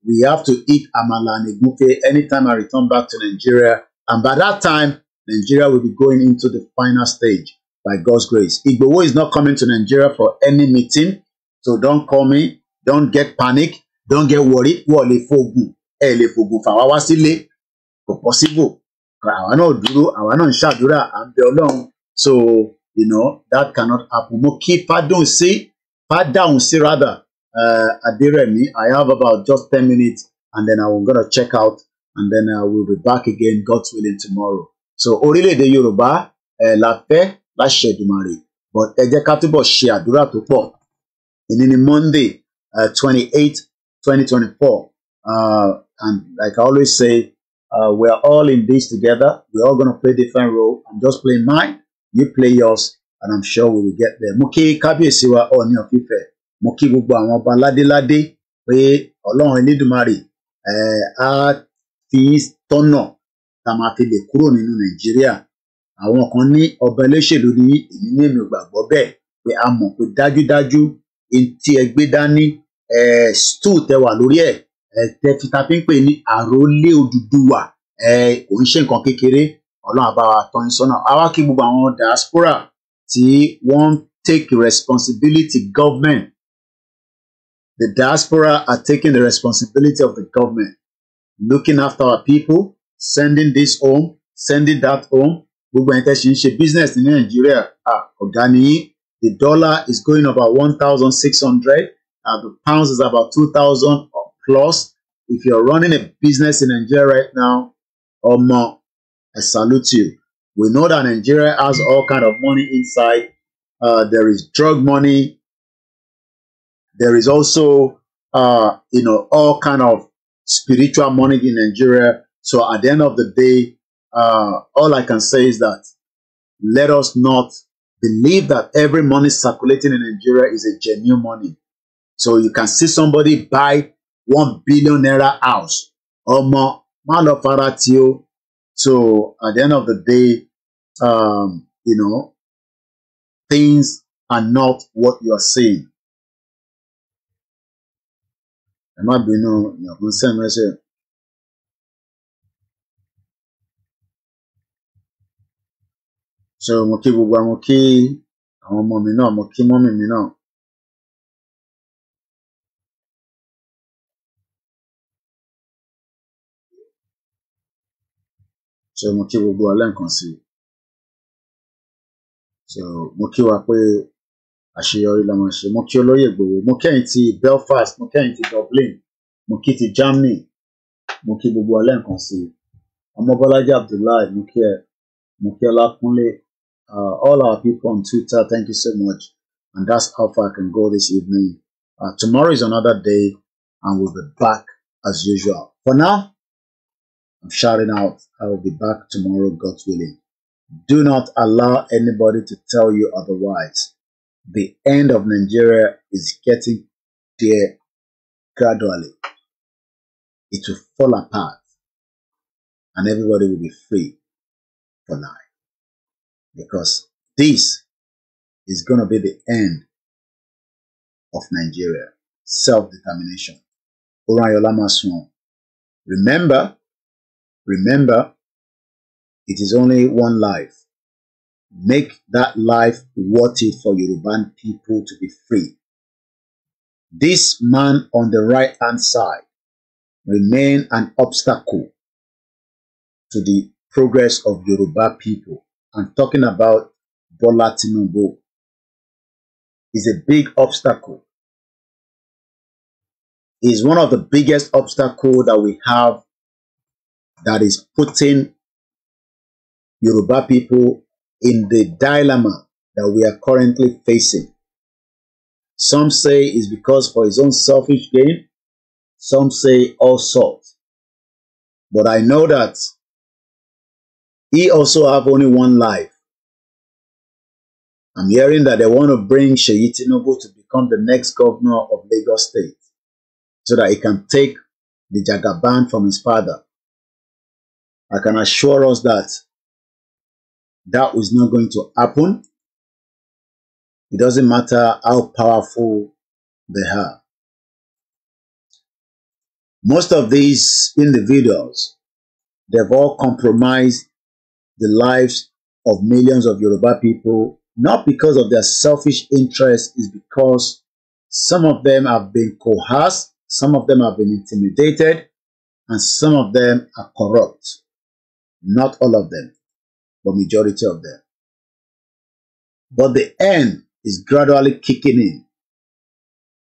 we have to eat amala and egunfe anytime i return back to nigeria and by that time nigeria will be going into the final stage by God's grace. Igbowo is not coming to Nigeria for any meeting, so don't call me, don't get panic, don't get worried. Wọ́n lè fogun, ẹ lè fogun fàwa wá sílé, kò possible. Àwa náà dúró, àwa náà ń ṣàdúrà, à ń bẹ Ọlọ́run. So, you know, that cannot happen. Mo kí Fádùn sí, Fádàhùn sí rather, uh, Adiremi, I have about just ten minutes and then I'm gonna check out and then I will be back again, God's willing, tomorrow. So, orílẹ̀-èdè Yorùbá, uh, la fẹ́, láṣẹ Èdùmàrè but ẹ jẹ́ ká túbọ̀ ṣe àdúrà tó pọ̀ ìní ni Monday uh, twenty eight twenty twenty four uh, and like I always say uh, we are all in this together we are all gonna play different role I'm just playing mine you play yours and I'm sure we will get there mo kí kábíyèsí wa Ọọ̀ni of Ifẹ̀ mo kí gbogbo àwọn ọba ládéládé pé Ọlọ́run Elédùmarè eh, á fi tọ́nà tá a máa fi lè kúrò nínú Nàìjíríà àwọn kan ní ọba eléṣèlú ní èmi ní èmi ò gbàgbọ́ bẹ́ẹ̀ pé a mọ̀ pé dájúdájú tí ẹ gbé dání stool tẹ wà lórí ẹ tẹ fita fi ń pè ní àròlé Odùduwà kò ń ṣe nǹkan kékeré Ọlọ́run àbá wa tọ́ sọ́nà àwa kí gbogbo àwọn diaspora tí wọ́n take responsibility government the diaspora are taking the responsibility of the government looking after our people sending this home sending that home gbogbo ẹ̀yin tẹ́ ṣe ń ṣe business ní nàìjíríà ọ̀gá nìyí the dollar is going about one thousand six hundred and the pounds is about two thousand plus if you're running a business in nigeria right now ọmọ i salute you we know that nigeria has all kind of money inside uh, there is drug money there is also uh, you know all kind of spiritual money in nigeria so at the end of the day uh, all I can say is that let us not believe that every money circulating in Nigeria is a genuine money. So you can see somebody buy one billion naira house or more. So at the end of the day, um, you know, things are not what you are saying. ẹ má bínú ìyàgbọ́n sẹ́yìn mẹ́sẹ̀ so mo kí gbogbo àwọn kí àwọn ọmọ mi náà mo kí mọ́mì mi náà. so mo kí gbogbo wa lẹ́ẹ̀kan sí i so mo kí wa pé àṣeyọrí la máa ṣe mo kí olóyè Ìgbòho mo kẹ́yìn ti Belfast mo kẹ́yìn ti Dublin mo kí ti Germany mo kí gbogbo wa lẹ́ẹ̀kan sí i ọmọbọlájà Abdullahi mo kí ẹ mo kí Ọlákúnlé uh, all our people on Twitter. Thank you so much. And that's how far I can go this evening. Uh, tomorrow is another day, and we'll be back as usual. For now, I'm shouting out. I will be back tomorrow, God willing. Do not allow anybody to tell you otherwise. The end of Nigeria is getting there gradually. It will fall apart, and everybody will be free for life because this is going to be the end of Nigeria. Self-determination. Orayola Maswon. Remember, remember, it is only one life. Make that life worth it for Yoruban people to be free. This man on the right hand side remain an obstacle to the progress of Yoruba people I'm talking about Bola Tinubu, is a big obstacle. Is one of the biggest obstacle that we have that is putting Yoruba people in the dilemma that we are currently facing. Some say it's because for his own selfish gain, some say all sorts. But I know that he also have only one life. I'm hearing that they want to bring Sheyi to become the next governor of Lagos State so that he can take the Jagaban from his father. I can assure us that that is not going to happen. It doesn't matter how powerful they are. Most of these individuals, they've all compromised the lives of millions of Yoruba people, not because of their selfish interests, is because some of them have been coerced, some of them have been intimidated, and some of them are corrupt. Not all of them, but majority of them. But the end is gradually kicking in.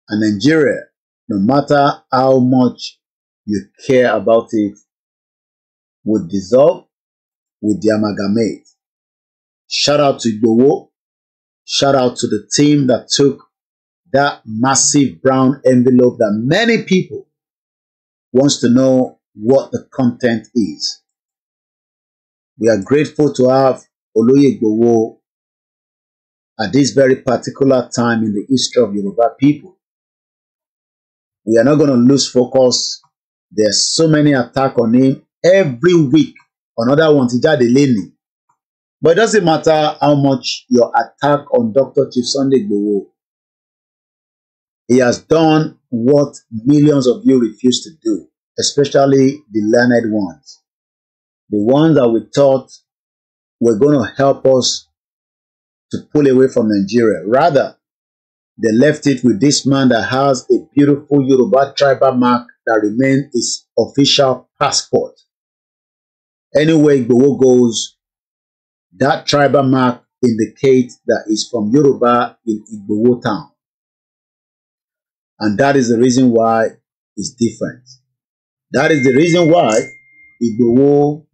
And Nigeria, no matter how much you care about it, would dissolve with the amalgamate. Shout out to Igbowo. Shout out to the team that took that massive brown envelope that many people wants to know what the content is. We are grateful to have Oluye Igbowo at this very particular time in the history of Yoruba people. We are not going to lose focus. There are so many attacks on him every week another one ti jáde lénìí but it doesn't matter how much your attack on Dr. Chief Sunday Igboho he has done what millions of you refuse to do especially the learned ones the ones that we thought were going to help us to pull away from Nigeria rather they left it with this man that has a beautiful Yoruba tribal mark that remains his official passport. Anywhere Igboho goes, that tribal mark indicates that from Yoruba in Igboho town. And that is the reason why it's different. That is the reason why Igboho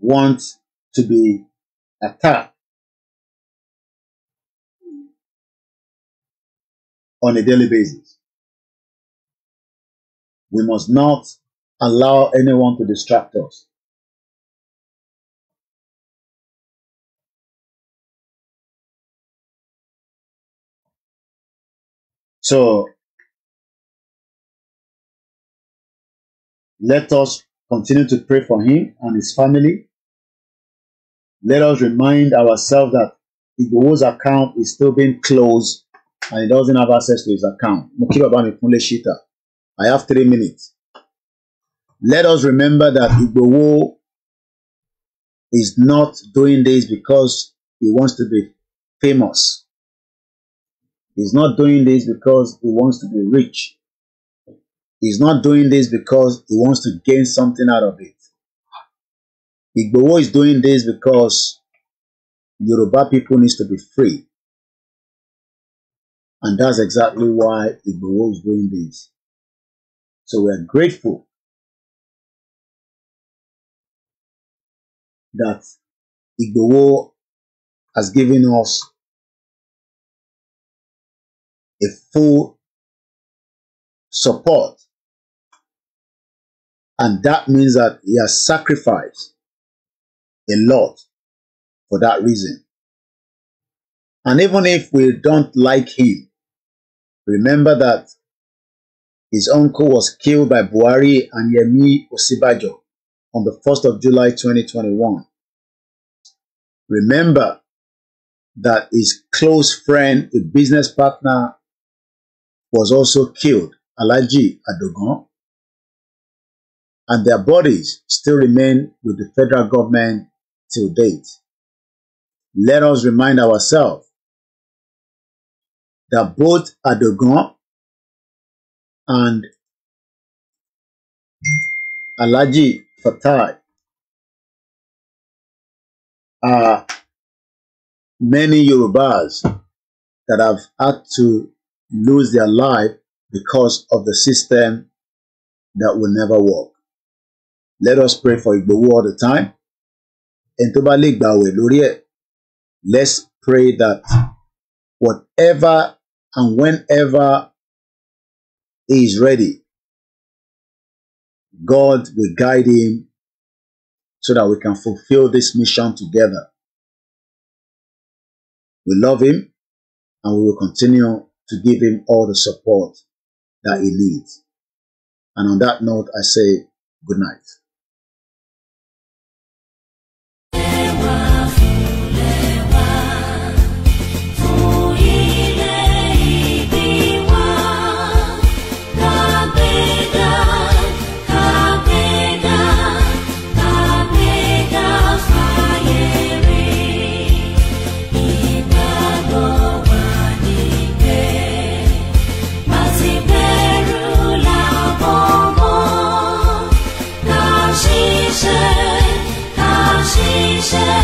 wants to be attacked on a daily basis. We must not allow anyone to distract us. So let us continue to pray for him and his family. Let us remind ourselves that Igbo's account is still being closed and he doesn't have access to his account. I have three minutes. Let us remember that Igbowo is not doing this because he wants to be famous. He's not doing this because he wants to be rich. He's not doing this because he wants to gain something out of it. Igbowo is doing this because Yoruba people needs to be free. And that's exactly why Igbowo is doing this. So we are grateful that Igboho has given us a full support. And that means that he has sacrificed a lot for that reason. And even if we don't like him, remember that his uncle was killed by Buhari and Yemi Osibajo on the 1st of July 2021. Remember that his close friend, a business partner, was also killed, Alaji Adogon, and their bodies still remain with the federal government till date. Let us remind ourselves that both Adogon and Alaji Fatah. Are many Yorubas that have had to lose their life because of the system that will never work. Let us pray for Igbowo all the time. let's pray that whatever and whenever he is ready, God will guide him so that we can fulfill this mission together. We love him and we will continue to give him all the support that he needs. And on that note, I say good night. shine.